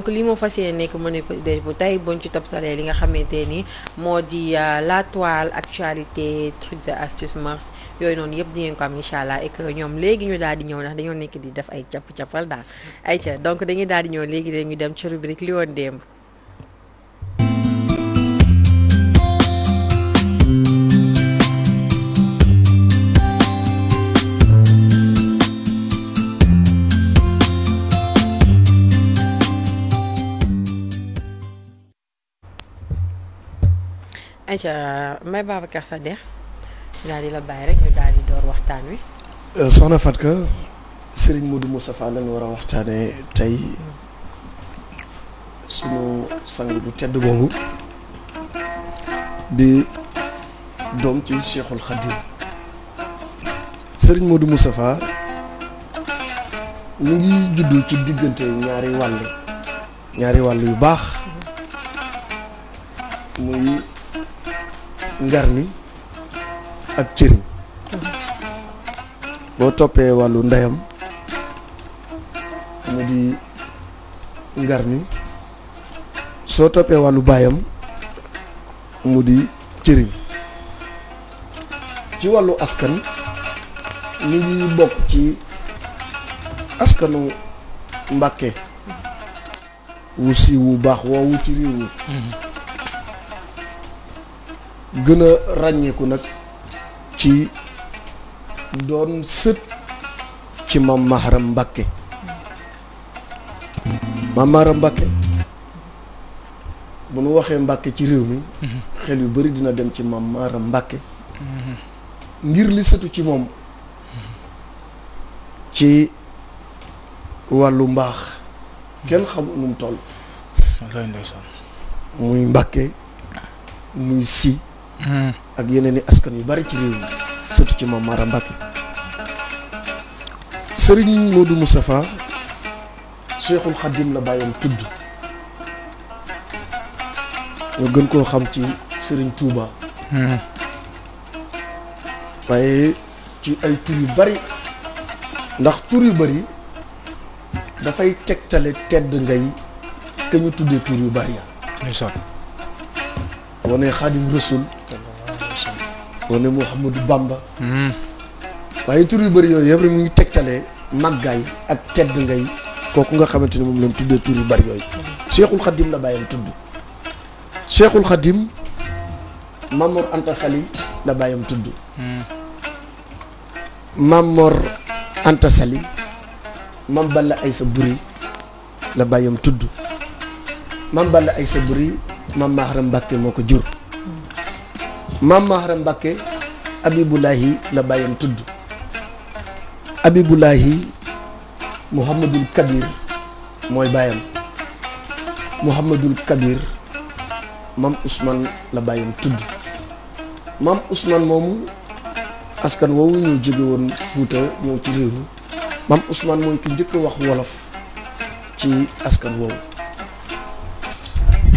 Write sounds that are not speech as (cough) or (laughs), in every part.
donc lii moo fas yéene nekk mën a bu tey buñ ci toppatalee li nga xamante ni moo di euh, la toile actualité trucs et astuces mœurs yooyu noonu yëpp di ngeen ko am incha allah ñoom léegi ñu daal di ñëw ndax dañoo nekk di def ay capp cappal daal. ayca donc dañuy daal di ñëw léegi de ñu dem ci rubrique li woon démb. ayca may Babacar Sadekh daal di la bàyyi rek ñu daal di door waxtaan wi. Euh, soxna Fatka sëriñ Modou Moustapha lañ war a waxtaanee tey sunu sang bu tedd boobu di doom ci Cheikhul Khadim Serigne Modou Moustapha ñu ngi juddu ci diggante ñaari wàll ñaari wàll yu baax muy. ngarni ak cëriñ boo toppee wàllu ndeyam mu di ngarni soo toppee wàllu baayam mu di cëriñ ci wàllu askan ñu ngi bokk ci askanu Mbàkke wu siiw wu baax woowu ci réew gën ràññeeku nag ci doon sët ci maam Maharam Mbàkke maam Maharam Mbàkke bu nu waxee Mbàkke ci réew mi mhm. xel yu bari dina dem ci maam Mbàkke mhm. ngir li sëtu ci moom mhm. ci wàllu mbaax kenn xamul nu toll muy Mbàkke ah. muy si ak yeneen i askan yu bari ci réew mi surtout ci Mame Mara Mbacke Serigne Modou Moustapha Cheikhul Khadim la bàyyam tudd ñu gën koo xam ci sëriñ Touba. waaye ci ay tur yu bari ndax tur yu bari dafay tegtale tedd ngay ke ñu tuddee tur yu bari ya wane xaadim rasul wane Mouhamadou Bamba hmm. waaye tur yu bari yooyu yëpp rek mu ngi tegtalee màggaay ak tedd ngay kooku nga xamante ne moom lañ tuddee tur yu bari yooyu cheikhul xadim la bàyyam tudd cheikhul xadim Mamor Anta Sali la bàyyam tudd hmm. Mamor Anta Sali Mam Balla Aysa Buri la bàyyam tudd Mam Balla Aysa Buri maam Maharam Mbacke moo ko jur maam Maharam Mbacke Abibulahi la bàyyam tudd Abibulahi Mouhamadul Kabir mooy bàyyam Mouhamadul Kabir maam Ousmane la bàyyam tudd maam Ousmane moomu askan woowu ñu jóge woon Fuuta ñëw ci réew mi maam Ousmane mooy ki njëkk wax wolof ci askan woowu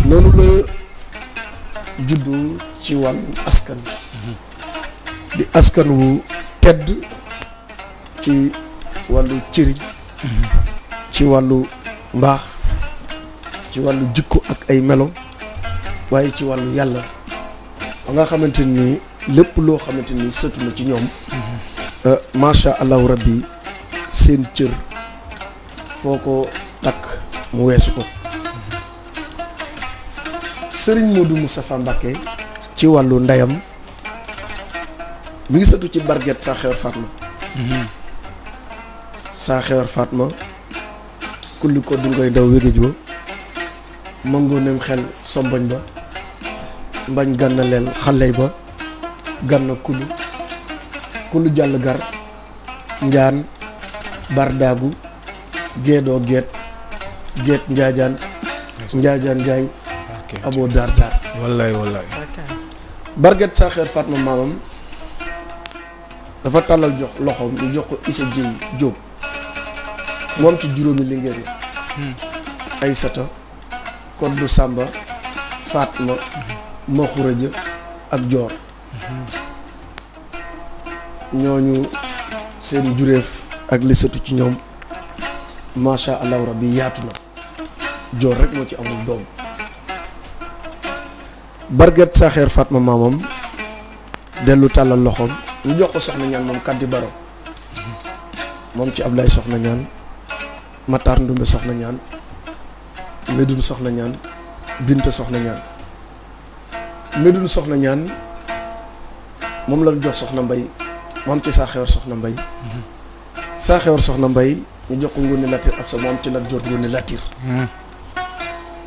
noonu la juddu ci wàllu askan di askan wu tedd ci wàllu cëriñ ci wàllu mbaax ci wàllu jikko ak ay melo waaye ci wàllu yàlla ba nga xamante ni lépp loo xamante ni sëtu na ci ñoom euh, macha allahu rabbi seen cër foo ko takk mu weesu ko sëriñ Modou Moustapha Mbacké ci wàllu ndeyam mi ngi sëtu ci barget saa xewar Fatma mhm. saa xewar Fatma kulli ko du ngoy ndaw wégéej ba mangooneem xel somboñ ba mbañ gànna leel xaley ba gànna kulu kulu jàll gar njaan bardaagu geedoo geet geet njaajaan njaajaan njaay aboo daar daar wallaay wallaay barget saaxeer Fatma maamam dafa tàllal jox loxoom ñu jox ko Issa Dieye Diop moom ci juróomi lingeer yi hmm. Aysata Koddu Sàmba Fatma hmm. Maxuraja ak Joor hmm. ñooñu seen jureef ak lisatu ci ñoom macha allahu rabbi yaatu na joor rek moo ci amul doom barget saxeer Fatma maamam dellu tàllal loxoom ñu jox ko soxna ñaan moom kaddi baro moom ci Ablaye soxna ñaan Matar Ndumbe soxna ñaan Médoune soxna ñaan Binta soxna ñaan Médoune soxna ñaan moom la ñu jox soxna mbay moom ci saaxewar soxna mbay saaxewar soxna mbay ñu jox ko Ngoné Latir ab sa moom ci Lat Joor Ngoné Latir hmm.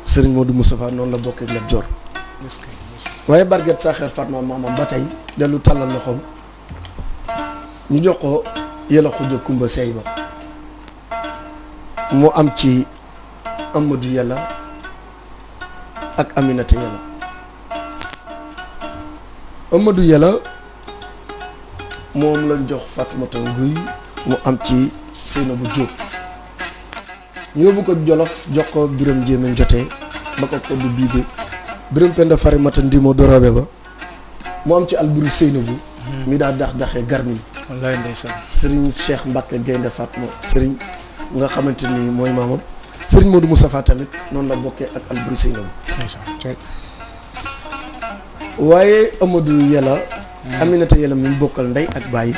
sëriñ Modou Moustapha noonu la bokkee Lat Joor waaye barget sa xel Fatma maamam ba tey dellu tàllal loxoom ñu jox ko yàlla xuj kumba sey ba mu am ci Amadou yàlla ak Aminata yàlla Amadou yàlla moom lañ jox Fatmata Guy mu am ci Seynabou Diop ñu yóbbu ko Jolof jox ko Biram Jéemeen jotee ba ko koddu bii Birame Penda Farimata Ndimo Dorobe ba mu am ci Alburi Seynabu hmm. mi daa dax daxee garmi wallaay ndeysaan sëriñ Cheikh Mbacke Gaynde Fatma sëriñ nga xamante ni mooy maamam sëriñ Modou Moustapha tamit noonu la bokkee ak Alburi Seynabu waaye Amadou Yàlla hmm. Aminata Yàlla mi bokkal ndey ak bàyyi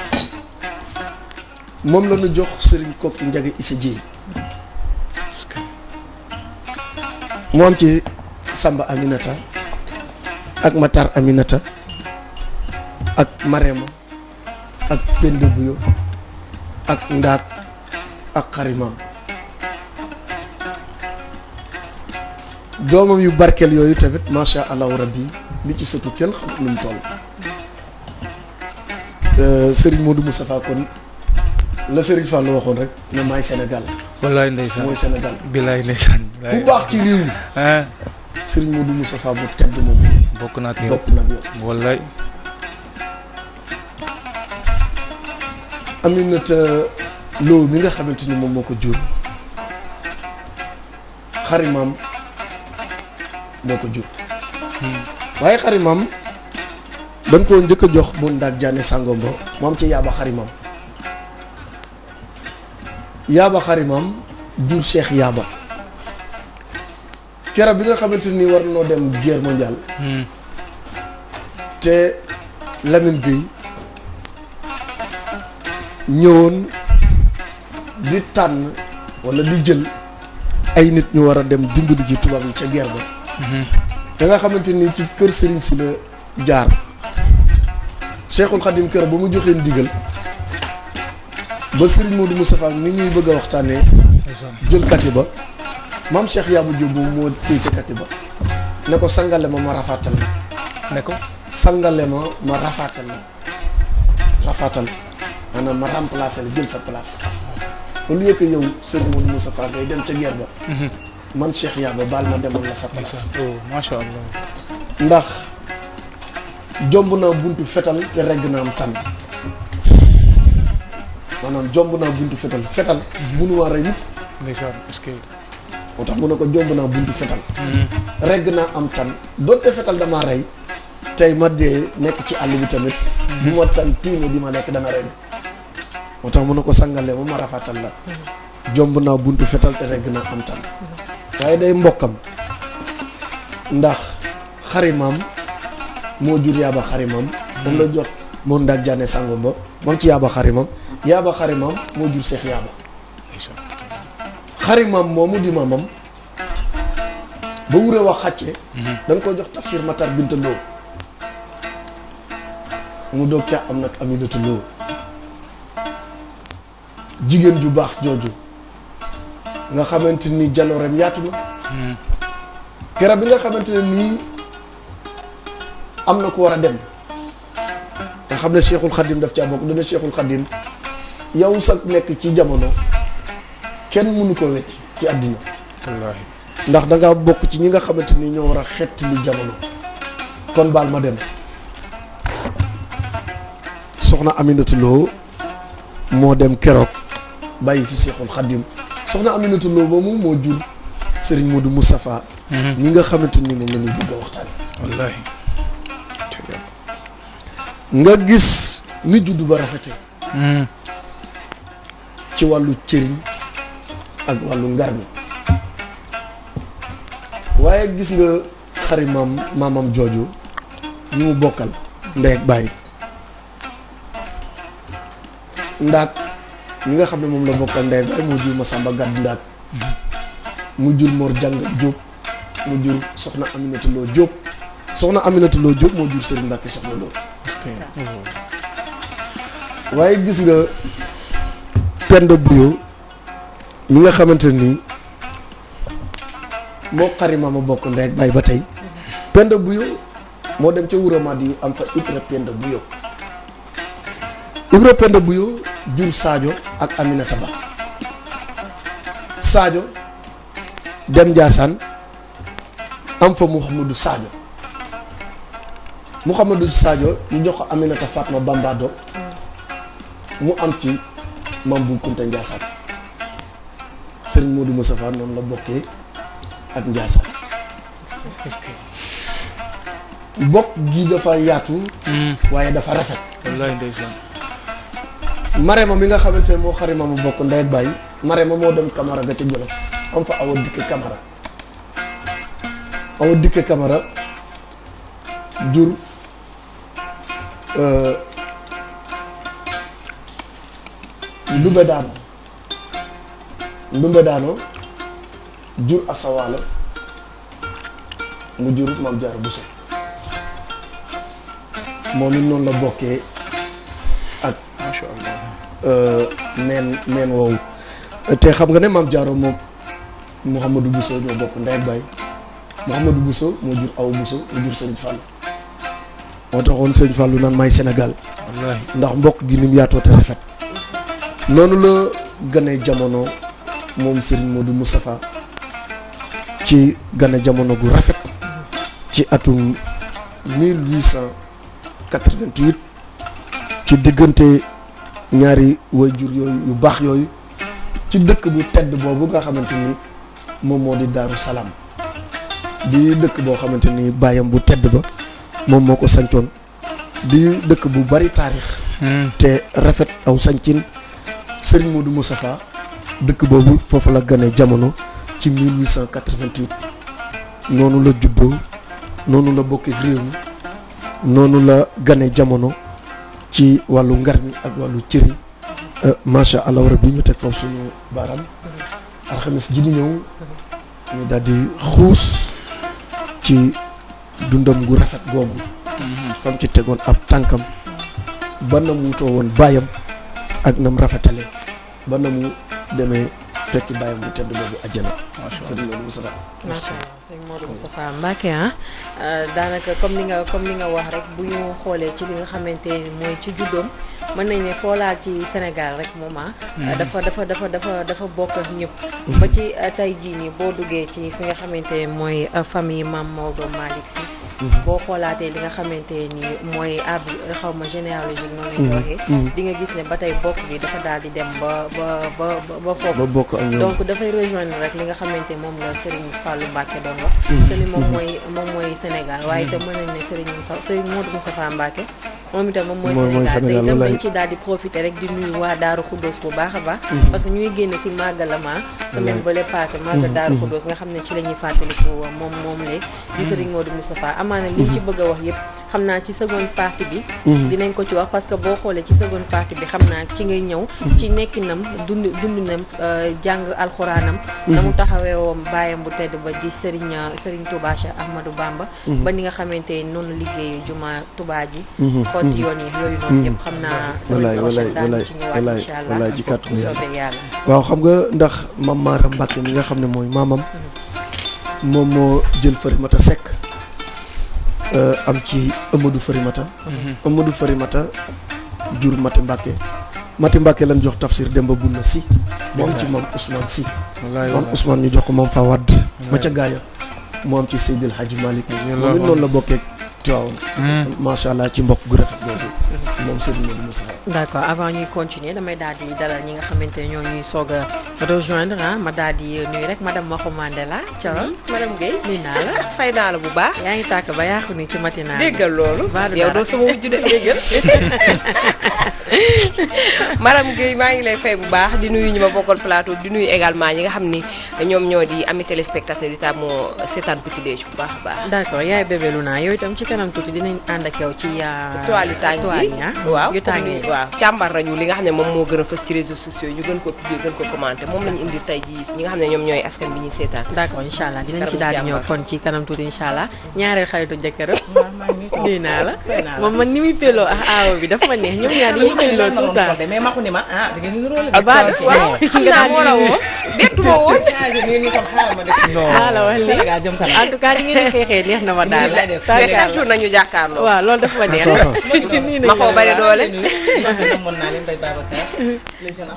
moom la ñu jox sëriñ kokki Njaga Issa Dieye mu am ci Samba Aminata ak Matar Aminata ak Marema ak Penda ak Ndaat ak xarimam doomam yu barkeel yooyu tamit macha allahu rabbi li ci sëtu kenn xamut nu mu toll euh, Serigne Modou Moustapha kon la Serigne Fall waxoon rek ne maay Sénégal. bu baax ci réew mi. sëriñ Modou Moustapha bu tedd moom bokk naa ak yow bokk naa ak yow wallaay Aminata Lo mi nga xamante ni moom moo ko jur xarimam moo ko jur waaye xarimaam dañ koo njëkk a jox bu ndaag jaane sàngomba moom ci yaaba xarimaam yaaba xarimaam jur Cheikh yaaba keroog bi nga xamante ni war noo dem guerre mondiale. Hmm. te Lamine bi ñëwoon di tànn walla di jël ay nit ñu war a dem di ji tubaab yi ca guerre ba. Hmm. da nga xamante ni ci kër Serigne si la jaar. Cheikhul Khadim keroog ba mu joxee ndigal ba moo Modou Moustapha ni ñuy bëgg a waxtaanee. jël kati ba. maam Cheikh Yabou Diop boobu moo téye ca kati ba ne ko sangale ma ma rafaatal la ne ko sangale ma ma rafaatal la rafaatal maanaam ma remplacer la jël sa place au lieu que yow sëñ Modou Moustapha ngay dem ca guerre ba mhm. man Cheikh Yabou baal ma demal la sa place oh, macha allah ndax jomb naa buntu fetal te regg naa am tànn maanaam jomb naa buntu fetal fetal mënumaa mhm. rey mukk ndeysaan est-ce que moo tax mu ne ko jomb naa buntu fetal regg naa am tan doonte fetal dama rey tey ma dee nekk ci àll bi tamit bu ma tan tiima di ma lekk dana rey moo tax mu ne ko sangalee ma ma rafatal la jomb naa buntu fetal te regg naa am tan waaye day ndax xarimaam moo jur yaaba moom la jot moom ndaag jaane sàngom ba moom ci yaaba xarimam yaaba xarimam moo jur seex yaaba xarimam moomu di mamam ba wuree wax xàccee. da nga koy jox tafsir Matar Binta Lo. mu doog caa am nag Aminata Lo jigéen ju baax jooju nga xamante ni jaloorem yaatu na. garab bi nga xamante ne nii am na ko war a dem. nga xam ne Cheikhul Khadim daf caa bokk dana Cheikhul Khadim yow sax nekk ci jamono kenn mënu ko wecc ci àddina. wallaahi. ndax danga bokk ci ñi nga xamante ni ñoo war a xett li jamono kon baal ma dem soxna Aminata Lo moo dem keroog bàyyi fi Seexul Xaddim soxna Aminata Lo moomu moo jur Serigne Modou Moustapha mm-hmm. ñi nga xamante ni moom la ñuy bëgg waxtaan nga gis ni juddu ba rafete mm-hmm. ci wàllu cëriñ ak wàllu ngar mi waaye gis nga xari maam maamam jooju ñu mu bokkal ndey ak bàyyi ndaak ñi nga xam ne moom la bokkal ndey bàyyi moo jur ma sàmba gàddu ndaak mu jur Mor Jàng Jóob mu jur soxna Aminata Lo Jóob soxna Aminata Lo Jóob moo jur Sëriñ Mbàkke soxna Lo waaye gis nga Penda Buyo mi nga xamante moo xarima ma bokk ndeeg bay ba tey penda bu moo dem ca wuramaat yu am fa ibra penda bu yow penda bu jur Sadio ak Aminata Ba Sadio dem Ndiassane am fa Mouhamadou Sadio saajo ñu jox ko Aminata Fatma Bambado mu am ci Mame Bou Kounta Ndiassane Serigne Modou Moustapha noonu la bokkee ak Ndiassane. bokk gi dafa yaatu. Hmm. waaye dafa rafet. wallaahi ndeysaan. mi nga xamante ne moo xarima ma bokk ndey ak bàyyi Marème moo dem Camara ga ci Jolof am fa awa dikke Camara awa dikke Camara jur. Euh, Ndumbe Daano Ndumbe Daano. jur asawaala mu jur maam Jaara Buso moom it noonu la bokkee ak macha allah euh, meen meen woowu te xam nga ne maam Jaara moom Mouhamadou Buso ñoo bokk ndey ak baay Mouhamadou Buso moo jur aw Buso mu jur Sëriñ Fall moo taxoon Sëriñ Fallu naan may Sénégal ndax mbokk gi ni mu yaatoo te rafet noonu la gane jamono moom Sëriñ Modou Moustapha ci gane jamono gu rafet ci atum 1888 ci diggante ñaari jur yooyu yu baax yooyu ci dëkk bu tedd boobu nga xamante ni moom moo di Daaru Salaam di dëkk boo xamante ni baayam bu tedd ba moom moo ko sancoon di dëkk bu bari taarix hmm. te rafet aw sancin Serigne Modou Moustapha dëkk boobu foofu la gane jamono ci 1888 noonu la juddoo noonu la bokk réew mi noonu la gane jamono ci wàllu ngar mi ak wàllu cëri euh, macha allah rabi ñu teg foofu suñu baaraam alxames ji di ñëw ñu daal di xuus ci dundam gu rafet googu fam ci tegoon ab tànkam ba na mu wutoo woon baayam ak na rafetale ba na mu demee fekk bàyyi mu tedd boobu àjjana. macha allah sëriñ loolu Mustafa sëñ Modou Moustapha Mbacké ah. euh, daanaka comme ni nga comme ni nga wax rek bu ñu xoolee ci li nga xamante ni mooy ci juddoom mën nañ ne foo ci Sénégal rek moom ah. mm-hmm. euh, dafa dafa dafa dafa dafa bokk ñëpp. ba ci euh, tey jii nii boo duggee ci fi nga xamante ni mooy famille Mame Maodo Malick Sy. Mm-hmm. boo xoolaatee li nga xamante ni mooy ab xaw ma général noonu lañ waxee mm-hmm. gis ne ba tey bokk bi dafa daal di dem ba ba ba ba foofu donc dafay rejoindre rek li nga xamante moom la Serigne Fallou Mbacké doon wax. te ni moom mooy moom mooy Sénégal waaye te mën nañu ne Serigne Moussa Serigne Modou Moustapha Mbacké moom itam moom mooy Sénégal tey dañ ci daal profité rek di nuyu waa Daaru Xuddoos bu baax a baax mm-hmm. parce que ñu ngi génn si màggalama semaine ba le passé mm-hmm. Daaru Xuddoos mm-hmm. nga xam ne ci la ñuy fàttaliku moom moom la di Serigne Modou Moustapha amaana li ci bëgg a wax yëpp xam naa ci seconde partie bi dinañ ko ci wax parce que boo xoolee ci seconde partie bi xam naa ci ngay ñëw ci nekkinam dund nam euh, jàng alxuraanam na mu taxawee woon bàyyam bu tedd ba di Serigne Serigne Touba Cheikh Ahmadou Bamba ba ni nga xamante noonu liggéey juma Touba ji Mm. yoon xam naa. Mm. walaay walaay walaay walaay walaay ci waaw xam nga ndax maam Maaram Mbàkke mi nga xam ne mooy maamam mm-hmm. moom moo jël Farimata Sekk euh, am ci Amadou Farimata mm-hmm. Amadou Farimata jur Mati Mbàkke Mati Mbàkke lañ jox tafsir Demba Bunna si moom ci maam Ousmane si maam Ousmane ñu jox ko moom fa wadd ma ca gaaya moo am ci Seydil Hadji Malick moom it noonu la bokkee Tivaouane. macha allah ci mbokk gu rafet d' accord avant ñuy continuer damay daal di dalal ñi nga xamante ne ñoo ñuy soog a rejoindre ah ma daal di nuyu rek madame Mokho Mandela. Thiawara mm-hmm. madame Guèye nuyu naa la. (laughs) fay naa bu baax. yaa ngi tàkk ba yaaxu ci matinale. déggal loolu. yow doo sama wujju de déggal. (laughs) madame Guèye maa ngi lay fay bu baax di nuyu ñu ma bokkal plateau di nuyu également ñi nga xam ni ñoom ñoo di ami téléspectateur yi tam moo seetaan Petit Déj bu baax baax. d' yaay bébé Luna yow itam ci kanam tuuti dinañ ànd ak yow ci. toile yu tàng yi waaw yu tàng yi waaw càmbar li nga xam ne moom moo gën a fës ci réseaux sociaux yi ñu gën ko publier gën ko commenter moom lañu indil ñi nga xam ne ñoom ñooy askan bi ñuy seetaan. d'accord incha allah dinañ ci daal di kon ci kanam tuuti incha allah mm-hmm. ñaareel xaritu jëkkëram. nuyu la moom man ni muy peloo ah, neex ñoom ma ah da ngeen niróo la. waaw nga moo la woo bettu ma woon. xaaral ma ngeen xeexee neex na ma daal retour nañu jàkkaarloo. waaw loolu def ma neex. (laughs) ma xaw bari doole. mën naa leen bay Babacar. ndeysaan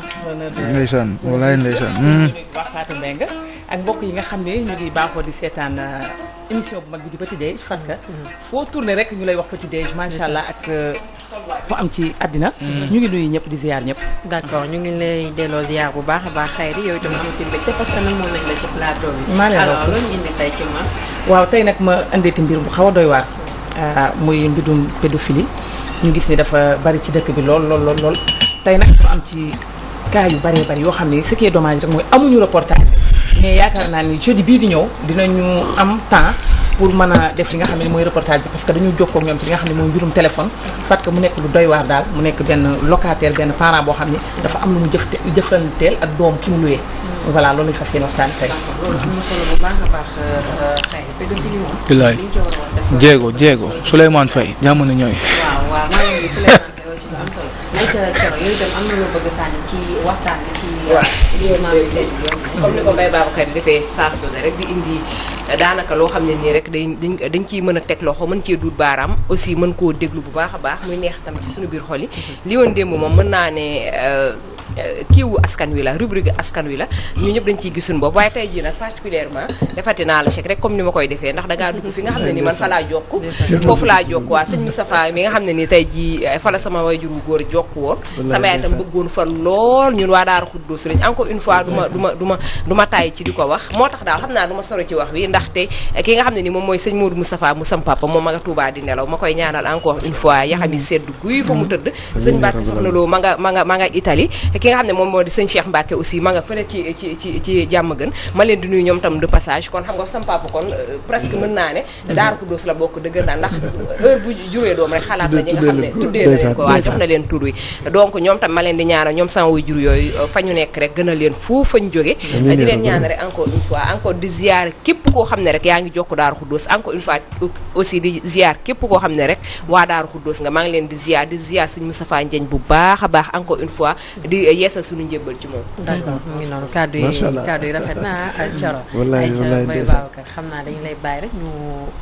ndeysaan walaay ndeysaan. wax ak mbokk yi nga xam ne ñu ngi baaxoo di seetaan euh, émission bu mag bi di Petit Déj Fatka. Hmm. foo tourné rek ñu lay wax Petit Déj macha allah ak. Euh, mu am ci àddina. Hmm. ñu ngi nuyu ñëpp di ziar ñëpp. d' ñu ngi lay delloo ziar bu baax a baax xayri yow itam parce que namoon nañ maa leen waaw tey nag ma indeeti mbir bu xaw a doy waar. Euh, muy mbirum pédophilie ñu gis ni dafa bari ci dëkk bi lool lool lool lool tey nag dafa am ci cas yu bëree bari yoo xam ne ce qui est dommage rek mooy amuñu reportage mais yaakaar naa ni jeudi bii di ñëw dinañu am temps pour mën a def li nga xam ne mooy reportage bi parce que dañu jokkoo ak ñoom ci li nga xam ne mooy mbirum téléphone fat que mu nekk lu doy waar daal mu nekk benn locataire benn parent boo xam ne dafa am lu mu jëf jëflanteel ak doom ci mu luwee voilà loolu lañ fas yéene waxtaan tey jéego jéego Souleymane Faye jàmm na ñooy cere cere yooyu itam am na loo bëgg a sànni ci waxtaan bi ci. waaw maam yi rek di indi daanaka loo xam ne nii rek dañ dañ ciy mën a teg loxo mën cee duut baaraam aussi mën koo déglu bu baax a baax muy neex tam ci suñu biir xol yi. Mm-hmm. démb moom mën naa ne. Euh, kiiwu askan wi la rubrique askan wi la ñu ñëpp dañ ciy gisuñ bopp waaye tey jii nag particulièrement defati naa la chèque rek comme ni ma koy defee ndax da dugg fi nga xam ne ni man fa laa jokk foofu laa jokk waa sëñ Moustapha mi nga xam ne ni tey jii eh, fa la sama wayjur wu góor jokk yaay tam bëggoon fa lool ñun waa Daara Xuddoos lañ encore une fois du ma tàyyi ci di ko wax moo tax daal xam naa du ma soro ci wax bi ndaxte eh, ki nga xam ne ni moom mooy sëñ Modou Moustapha mu sam papa moom ma nga Touba di nelaw ma koy ñaanal encore une fois yaxam yi sedd mm-hmm. ma nga ma nga ki nga xam ne moom moo di sëñ Cheikh Mbacke aussi ma nga fële ci ci ci ci jàmm gën ma leen di nuyu ñoom tam de passage kon xam nga sam kon euh, presque mën naa ne Daaru Xuddoos la bokk dëgg naa ndax heure bu juree doom rek xalaat na ñi nga xam ne tuddee na ko waaw jox na leen ñoom tam ma leen di ñaanal ñoom sama way jur yooyu euh, fa ñu nekk rek gën a leen fu fañ jóge di leen ñaanal rek encore une fois encore di ziar képp koo xam ne rek yaa ngi jokk Daaru Xuddoos encore une fois aussi koo xam ne rek waa Daaru Xuddoos nga maa ngi leen di di ziar sëñ Moustapha bu baax a yeesal suñu njëbbal ci moom. d'accord mu ngi noonu yi kàddu yi rafet Coro. Ah, (laughs) wallaay wallaay ndeysaan ay Babacar xam naa dañu lay bàyyi rek ñu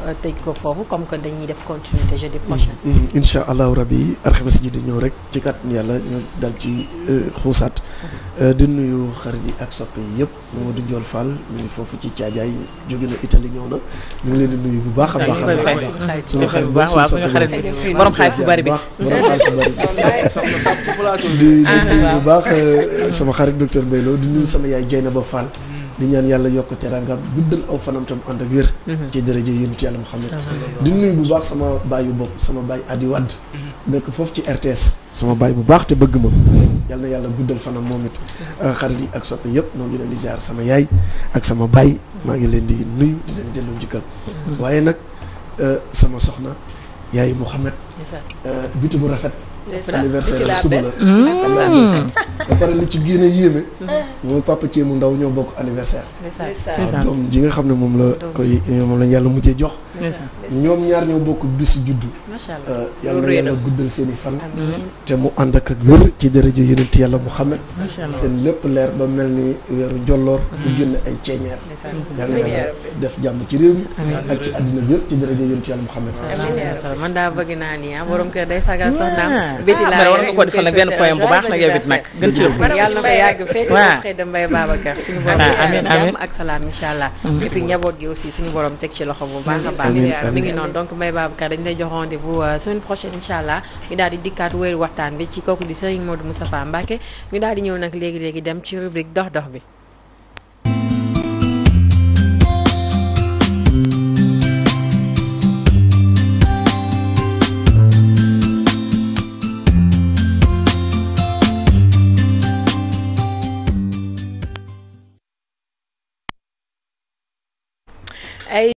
euh, tëj ko foofu comme que dañuy def continuité jeudi prochain. Mm, mm, mm. incha allahu rabi alxames ji di ñëw rek ci kàddu yàlla ñu dal ci euh, xuusaat. Mm-hmm. di nuyu xarit yi ak soppe yi yëpp Mamadou Ndiol Fall mu ngi foofu ci caajaay jóge na itali ñëw na ñu ngi leen di nuyu bu baax a baax a baax suñu xarit baax waaw suñu xarit bi borom xaalis bu bari bi borom nuyu bu baax sama xarit docteur Mbaylo di nuyu sama yaay Dieynaba Fall di ñaan yàlla yokk teraangaam guddal aw fanam tam ànd ak wér mhm. ci dërëje yonent yàlla Muhammad di nuyu bu baax sama baay baayu bopp sama baay Adi Wadd mhm. nekk foofu ci RTS sama baay bu baax te bëgg ma yàlla na yàlla guddal fanam moom it mhm. xarit yi ak soppe yëpp noonu di leen di ziar sama yaay ak sama baay maa ngi leen di nuyu di leen delloo njukkal waaye nag euh, sama soxna yaay Muhammad euh, bitu rafet anniversaire am suba la. Hmm. ba pare li ci gën yéeme. (laughs) mooy papa Thié mu ndaw ñoo bokk anniversaire. waaw doom ji nga xam ne moom la koy moom lañ yàlla mujjee jox. ñoom ñaar ñoo bokk bisu juddu. macha allah euh, yàlla na yàlla guddal seen fan. te mu ànd ak ak wér ci dërëjë yonent yàlla Muhammad. seen lépp leer ba mel ni weeru jolloor. bu génn ay ceeñeer. def jàmm ci réew mi. ak ci àddina bi yëpp ci dërëjë yonent yàlla Muhammad. man daa bëgg naa ni ah borom kër day sagal soxnaam biti ah, laa war nga ko defal nag benn poème bu baax na yow nag gën ci def yàlla na ko yàgg fekk xëy da Mbaye ak salaam incha allah mm-hmm. et njaboot gi aussi suñu borom teg ci loxo bu baax a baax mi ngi noonu donc Mbaye Babacar dañ lay jox rendez-vous euh, semaine prochaine incha allah ñu daal di dikkaat wéeru waxtaan bi ci kooku di Serigne Modou Moustapha Mbacké ñu daal di ñëw nag léegi-léegi dem ci rubrique dox dox bi